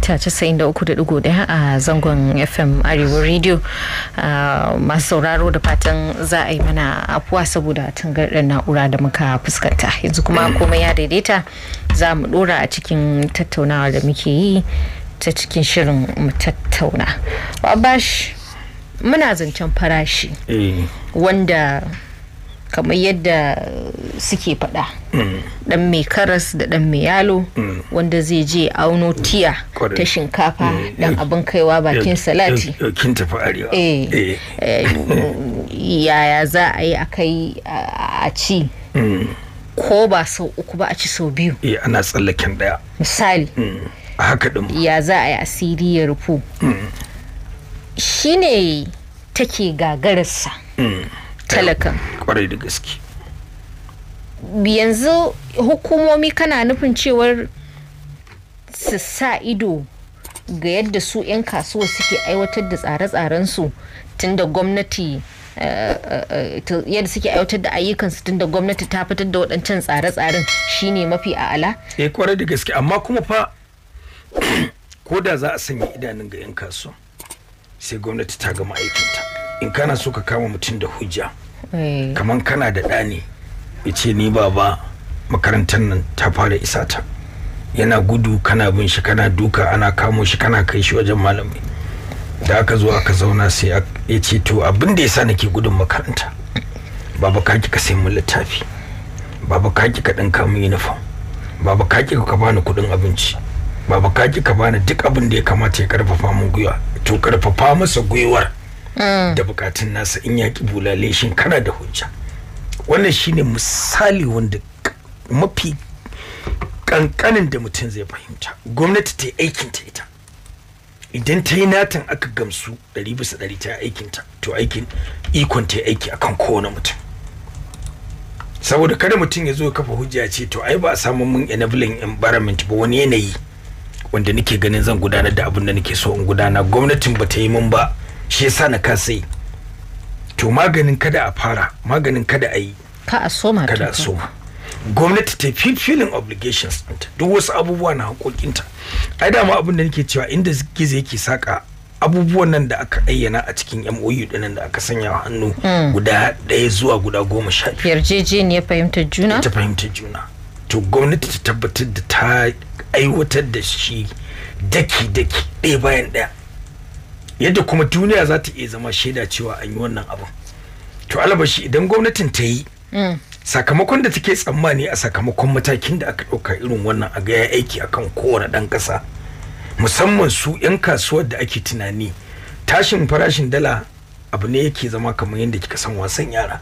mita 93.1 a zangon FM Arewa Radio ah, masu sauraro da fatan za a yi mana afuwa saboda tangarɗar na'ura da muka fuskanta yanzu kuma mm. komai ya daidaita za mu ɗora a cikin tattaunawa da muke yi ta cikin shirin mu tattauna. muna zancen farashi eh. wanda kamar yadda suke faɗa ɗan mai karas da ɗan mai yalo wanda zai je auno tiya ta shinkafa ɗan eh, eh, abin kaiwa bakin eh, salati tafi arewa yaya za a yi a kai a ci hmm. ko ba sau uku ba a ci sau biyu ana tsallaken ɗaya misali hmm. haka ɗin ya za a yi asiri ya rufu hmm. shine take gagararsa talakan kwarai da gaske yanzu hukumomi kana nufin cewar su sa ido ga yadda su 'yan kasuwa suke aiwatar da tsare-tsarensu tun da gwamnati eh, eh, eh, yadda suke aiwatar da ayyukansu tun da gwamnati ta fitar da waɗancan tsare-tsaren shine mafi a'ala? eh kwarai da gaske amma kuma fa ko da za a sanya idanun ga 'yan kasuwa sai gwamnati ta gama aikinta in kana so ka kama mutum da hujja eh. kamar kana da ɗa ne ya ce ni baba makarantar nan ta fara isa ta yana gudu kana bin shi kana duka ana kamo shi kana kai shi wajen malami da aka zo aka zauna sai ya ce to abin da ya sa nake gudun makaranta baba ka ka sai mun littafi baba ka ka ɗinka mun uniform baba ka ka bani kuɗin abinci baba ka ka bani duk abin da ya kamata ya karfafa mun gwiwa to karfafa masa gwiwar Mm. da bukatun nasa in ya ki bulale shi kana da hujja wannan shine misali wanda mafi kankanin da mutum zai fahimta gwamnati ta yi ta ita idan ta yi natan aka gamsu ɗari bisa ɗari ta aikinta to aikin ikon ta yi aiki akan kowane mutum saboda kada mutum ya zo ya kafa hujja ce to ai ba a samu mun enabling environment ba wani yanayi wanda nake ganin zan gudanar da abin da nake so in gudana gwamnatin ba ta yi mun ba shi yasa na sai to maganin kada a fara maganin kada a yi ka a soma kada a soma gwamnati ta fi filin obligations ɗinta duk wasu abubuwa na haƙoƙinta ai dama abin da nake cewa inda gizo yake saka abubuwan nan da aka ayyana a cikin MOU dinan da aka sanya hannu hmm. guda ɗaya zuwa guda goma sha biyu. Yarjejeniyar fahimtar juna? Ta fahimtar juna. To gwamnati ta tabbatar da ta aiwatar da shi daki-daki ɗaya bayan ɗaya. yadda kuma duniya za ta iya zama shaida cewa an yi wannan abin to alabashi idan gwamnatin ta yi mm. sakamakon da take tsammani a sakamakon matakin da aka ɗauka irin wannan a ga ya aiki akan kowane ɗan ƙasa musamman su 'yan kasuwar da ake tunani tashin farashin dala abu ne yake zama kamar yadda kika san wasan yara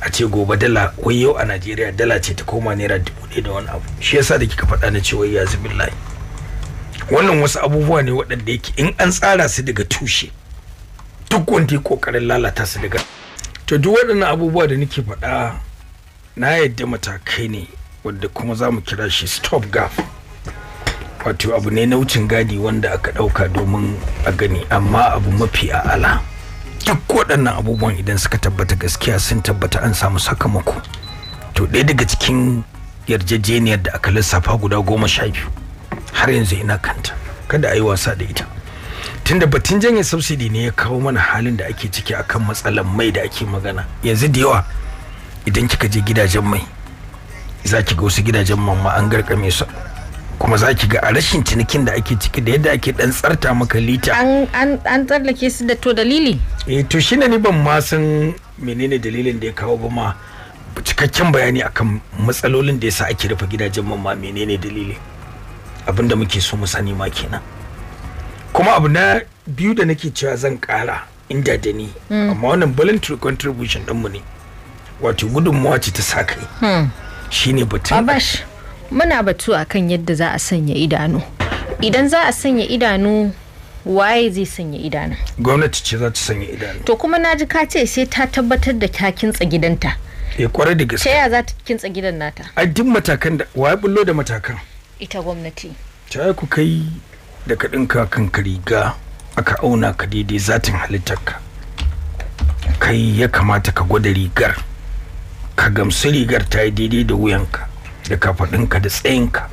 a ce gobe dala wai yau a najeriya dala ce ta koma naira dubu ɗaya da wani abu shi yasa da kika faɗa na cewa ya zubin layi wannan wasu abubuwa ne waɗanda yake in an tsara su daga tushe duk wanda ya kokarin lalata su daga to duk waɗannan abubuwa da nake faɗa na yadda matakai ne wadda kuma zamu kira shi stop gap wato abu ne na wucin gadi wanda aka ɗauka domin a gani amma abu mafi a'ala duk waɗannan abubuwan idan suka tabbata gaskiya sun tabbata an samu sakamako to ɗaya daga cikin yarjejeniyar da aka lissafa guda goma sha biyu har yanzu ina kanta kada a yi wasa da ita tunda batun janye subsidy ne ya kawo mana halin da ake ciki akan matsalar mai da ake magana yanzu da yawa idan kika je gidajen mai za ki ga wasu gidajen mamma an garkame su kuma za ki ga a rashin cinikin da ake ciki da yadda ake dan tsarta maka lita an tsallake su da to dalili eh to shine ni ban ma san menene dalilin da ya kawo ba ma cikakken bayani akan matsalolin da yasa ake rufe gidajen mamma menene dalili abin da muke so mu sani ma kenan kuma abu na biyu da nake cewa zan kara inda da ni hmm. amma wannan voluntary contribution ɗinmu ne wato gudunmawa ce ta sa kai hmm. shine batun abash muna batu akan yadda za a sanya idanu idan za a sanya idanu waye zai sanya idanu gwamnati ce za ta sanya idanu to kuma na ji ka ce sai ta tabbatar da ta kintsa gidanta ya eh, kwarai da gaske ta ya za ta kintsa gidan nata a duk matakan da waye bullo da matakan ita gwamnati ta ku kai da ka ɗinka kanka riga aka auna ka daidai zatin halittarka kai ya kamata ka gwada rigar ka gamsu rigar ta yi daidai da wuyanka da kafaɗinka da tsayinka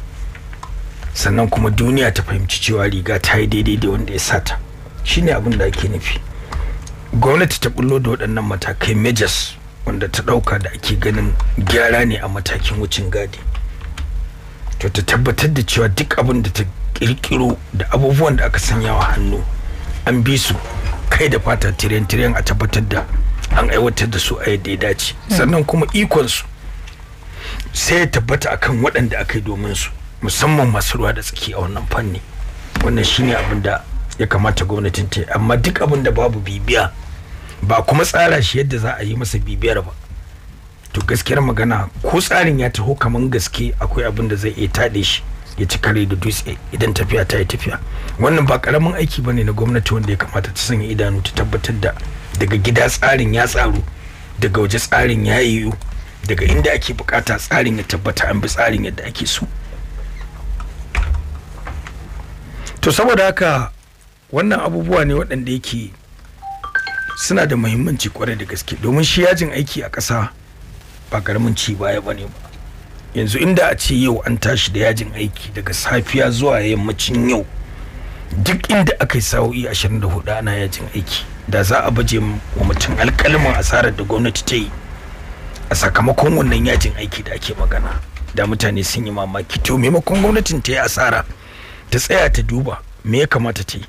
sannan kuma duniya ta fahimci cewa riga ta yi daidai da wanda ya sata shine abin da ake nufi gwamnati ta bullo da waɗannan matakai mejas wanda ta ɗauka da ake ganin gyara ne a matakin wucin gadi to ta tabbatar da cewa duk abin da ta kirkiro da abubuwan da aka sanya wa hannu an bi su kai da fata tiren-tiren a tabbatar da an aiwatar da su a yadda ya dace hmm. sannan kuma ikon su sai ya tabbata akan waɗanda aka yi domin su musamman masu ruwa da tsaki a wannan fanni wannan shine abin da ya kamata gwamnatin ta amma duk abin da babu bibiya ba kuma tsara shi yadda za a yi masa bibiyar ba to gaskiyar magana ko tsarin ya taho kaman gaske akwai abin da zai iya taɗe shi ya ci kare da dutse idan tafiya ta yi tafiya wannan ba karamin aiki bane na gwamnati wanda ya kamata ta sanya idanu ta tabbatar da daga gida tsarin ya tsaru daga waje tsarin ya yiwu daga inda ake bukata tsarin ya tabbata an bi tsarin yadda ake so to saboda haka wannan abubuwa ne waɗanda yake suna da muhimmanci kwarai da gaske domin shi yajin aiki a ƙasa ba karamin ci baya bane ba yanzu inda a ce yau an tashi da yajin aiki daga safiya zuwa yammacin yau duk inda aka yi sa'o'i 24 ana yajin aiki da za a baje wa mutum alƙalmin asarar da gwamnati ta yi a sakamakon wannan yajin aiki da ake magana da mutane sun yi mamaki to maimakon gwamnatin ta yi asara ta tsaya ta duba me ya kamata ta yi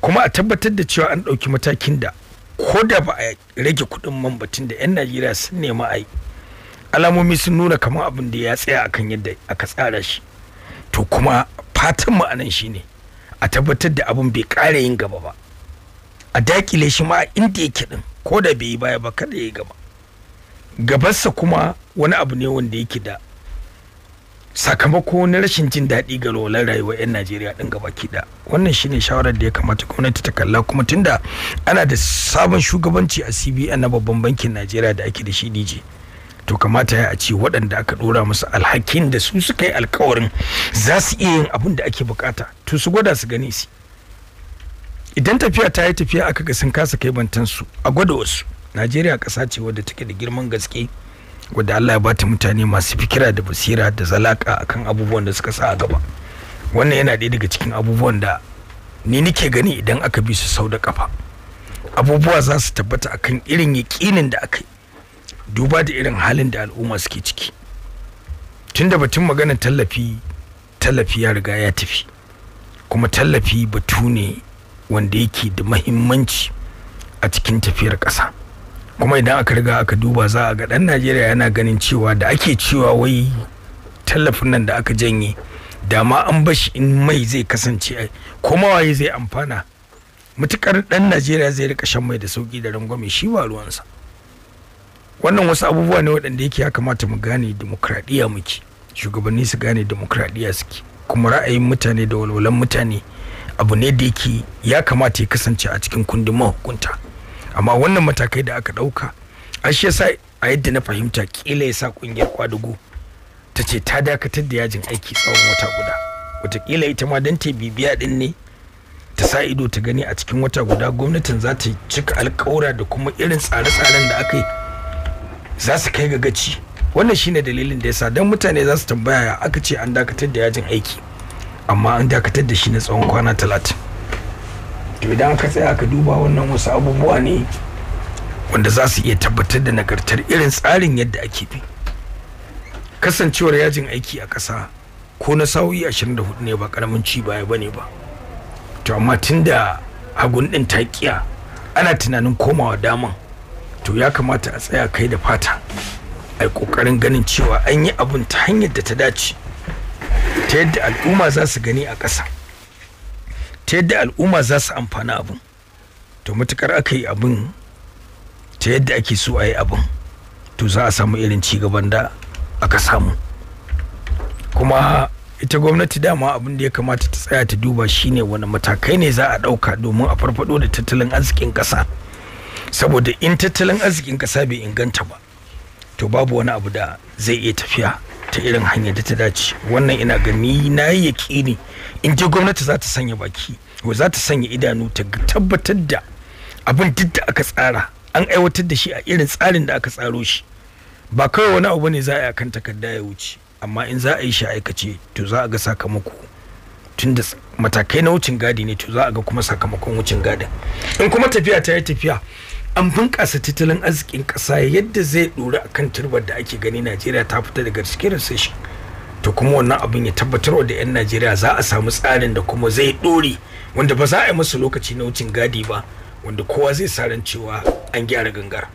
kuma a tabbatar da cewa an ɗauki matakin da ko da ba a rage kuɗin man batun da 'yan najeriya sun nema a yi alamomi sun nuna kamar abin da ya tsaya akan yadda aka tsara shi to kuma fatan ma'anan shi ne a tabbatar da abin bai ƙara yin gaba ba a dakile shi ma inda yake din ko da bai yi baya ba kada ya yi gaba gabarsa kuma wani abu ne wanda yake da sakamako na rashin jin daɗi ga rolar rayuwar 'yan najeriya ɗin gaba kiɗa, wannan shine shawarar da ya kamata gwamnati ta kalla kuma tunda ana da sabon shugabanci a cbn na babban bankin najeriya da ake da shi dj to kamata ya a ce waɗanda aka ɗora musu alhakin da su suka yi alkawarin za su iya yin abin da ake bukata to su gwada su gani su idan tafiya ta yi tafiya aka ga sun kasa kai bantansu a gwada wasu najeriya ƙasa ce wadda take da girman gaske wadda Allah ya bata mutane masu fikira da basira da zalaka akan abubuwan da suka sa a gaba wannan yana ɗaya daga cikin abubuwan da ni nake gani idan aka bi su sau da kafa abubuwa za su tabbata akan irin yaƙinin da aka yi duba da irin halin da al'umma suke ciki tun da batun maganar tallafi tallafi ya riga ya tafi kuma tallafi batu ne wanda yake da mahimmanci a cikin tafiyar ƙasa kuma idan aka riga aka duba za a ga dan najeriya yana ganin cewa da ake cewa wai tallafin nan da aka janye dama an bashi in mai zai kasance kuma waye zai amfana mutukar dan najeriya zai rika shan mai da sauki da rangwame shi ba ruwansa wannan wasu abubuwa ne waɗanda yake ya kamata mu gane demokradiyya muke shugabanni su gane demokradiyya suke kuma ra'ayin mutane da walwalan mutane abu ne da yake ya kamata ya kasance a cikin kundin mahukunta. amma wannan matakai da aka ɗauka an shi yasa a yadda na fahimta kila ya sa ƙungiyar kwadugo ta ce ta dakatar da yajin aiki tsawon wata guda wataƙila ita ma don ta bibiya ɗin ne ta sa ido ta gani a cikin wata guda gwamnatin za ta cika alkawura da kuma irin tsare-tsaren da aka yi za su kai ga gaci wannan shine dalilin da yasa don mutane za su tambaya aka ce an dakatar da yajin aiki amma an dakatar da shi na tsawon kwana talatin to idan ka tsaya ka duba wannan wasu abubuwa ne wanda za su iya tabbatar da nagartar irin tsarin yadda ake bi kasancewar yajin aiki a ƙasa ko na sa'o'i 24 ne ba karamin ci baya bane ba to amma da hagun ɗin ta kiya ana tunanin komawa daman to ya kamata a tsaya kai da fata ai kokarin ganin cewa an yi abun ta hanyar da ta dace ta yadda al'umma za su gani a ƙasa ta yadda al'umma za su amfana abin to matukar aka yi abin ta yadda ake so a yi abin to za a samu irin cigaban da aka samu kuma ita gwamnati dama abin da ya kamata ta tsaya ta duba shine wani matakai ne za a ɗauka domin a farfado da tattalin arzikin ƙasa saboda in tattalin arzikin ƙasa bai inganta ba to babu wani abu da zai iya tafiya ta irin hanyar da ta dace wannan ina gani na yi yaƙini in je gwamnati za ta sanya baki wa za ta sanya idanu ta tabbatar da abin duk da aka tsara an aiwatar da shi a irin tsarin da aka tsaro shi ba kawai wani abu ne za a yi akan takarda ya wuce amma in za a yi shi aikace to za a ga sakamako tunda matakai na wucin gadi ne to za a ga kuma sakamakon wucin gadin in kuma tafiya ta yi tafiya an bunƙasa tattalin arzikin ƙasa yadda zai ɗori a kan turbar da ake gani najeriya ta fita daga cikin recession to kuma wannan abin ya tabbatar da 'yan najeriya za a samu tsarin da kuma zai ɗore wanda ba za a yi musu lokaci na wucin gadi ba wanda kowa zai sa ran cewa an gyara gangar.